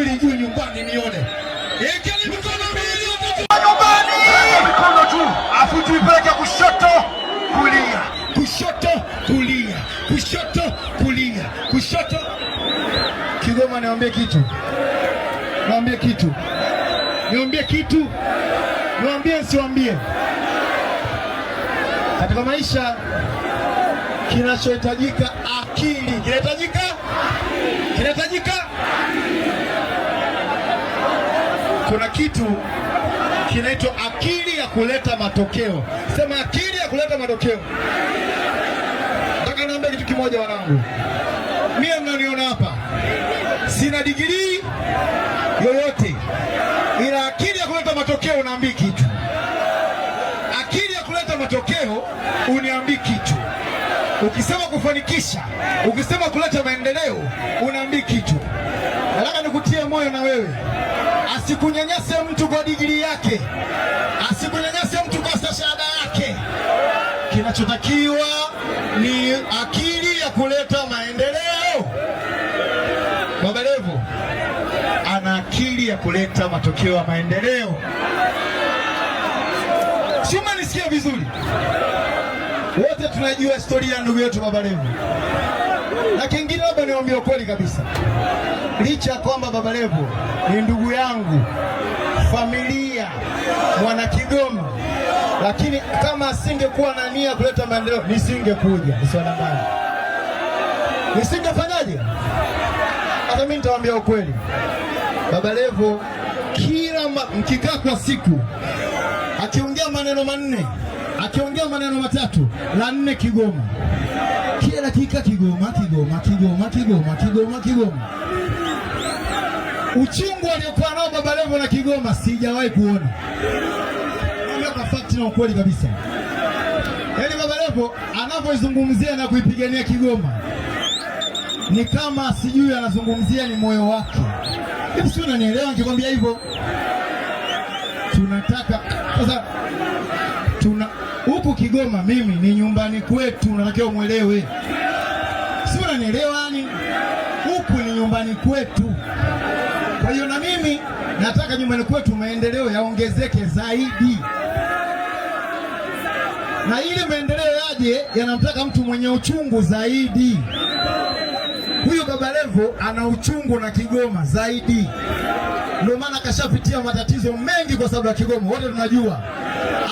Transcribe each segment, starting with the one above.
miwili juu nyumbani nione. Ekeni mikono miwili nyumbani. Mikono juu. Afu tuipeleke kushoto kulia. Kushoto kulia. Kushoto kulia. Kushoto. Kigoma niambie kitu. Niambie kitu. Niambie kitu. Niambie siwambie. Katika maisha kinachohitajika akili. Kinahitajika? Kinahitajika? kuna kitu kinaitwa akili ya kuleta matokeo. Sema akili ya kuleta matokeo. Nataka niambie kitu kimoja, wanangu, mimi mnaniona hapa, sina digirii yoyote, ila akili ya kuleta matokeo unaambii kitu. Akili ya kuleta matokeo uniambii kitu. Ukisema kufanikisha, ukisema kuleta maendeleo unaambii kitu. Nataka nikutie moyo na wewe Asikunyanyase mtu kwa digrii yake, asikunyanyase mtu kwa shahada yake. Kinachotakiwa ni akili ya kuleta maendeleo. Baba Levo ana akili ya kuleta matokeo ya maendeleo. Sima nisikia vizuri, wote tunajua historia ya ndugu yetu Baba Levo. Na kingine labda niwaambie ukweli kabisa, licha ya kwamba Baba Levo ni ndugu yangu, familia, mwana Kigoma, lakini kama asingekuwa na nia kuleta maendeleo nisingekuja Msonamani, nisingefanyaje? Hata mimi nitawaambia ukweli, Baba Levo kila mkikaa kwa siku akiongea maneno manne, akiongea maneno matatu, la nne Kigoma kila dakika Kigoma, Kigoma, Kigoma, Kigoma, Kigoma, Kigoma. Uchungu aliokuwa nao Baba Levo na Kigoma sijawahi kuona kwa fakti na ukweli kabisa. Yaani Baba Levo anapoizungumzia na kuipigania Kigoma ni kama sijui anazungumzia ni moyo wake. Hivi si unanielewa nikikwambia hivyo? Tunataka sasa Kigoma mimi ni nyumbani kwetu, natakiwa mwelewe, si unanielewa? Ni huku ni nyumbani kwetu. Kwa hiyo na mimi nataka nyumbani kwetu maendeleo yaongezeke zaidi, na ili maendeleo yaje yanamtaka mtu mwenye uchungu zaidi. Huyu Baba Levo ana uchungu na Kigoma zaidi. Ndio maana kashapitia matatizo mengi kwa sababu ya Kigoma, wote tunajua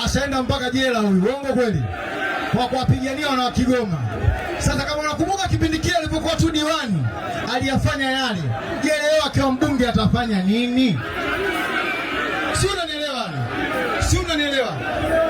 ashaenda mpaka jela huyu, uongo kweli, kwa kuwapigania wana wa Kigoma. Sasa kama unakumbuka kipindi kile alipokuwa tu diwani aliyafanya yale, je, leo akiwa mbunge atafanya nini? Si unanielewa? Si unanielewa?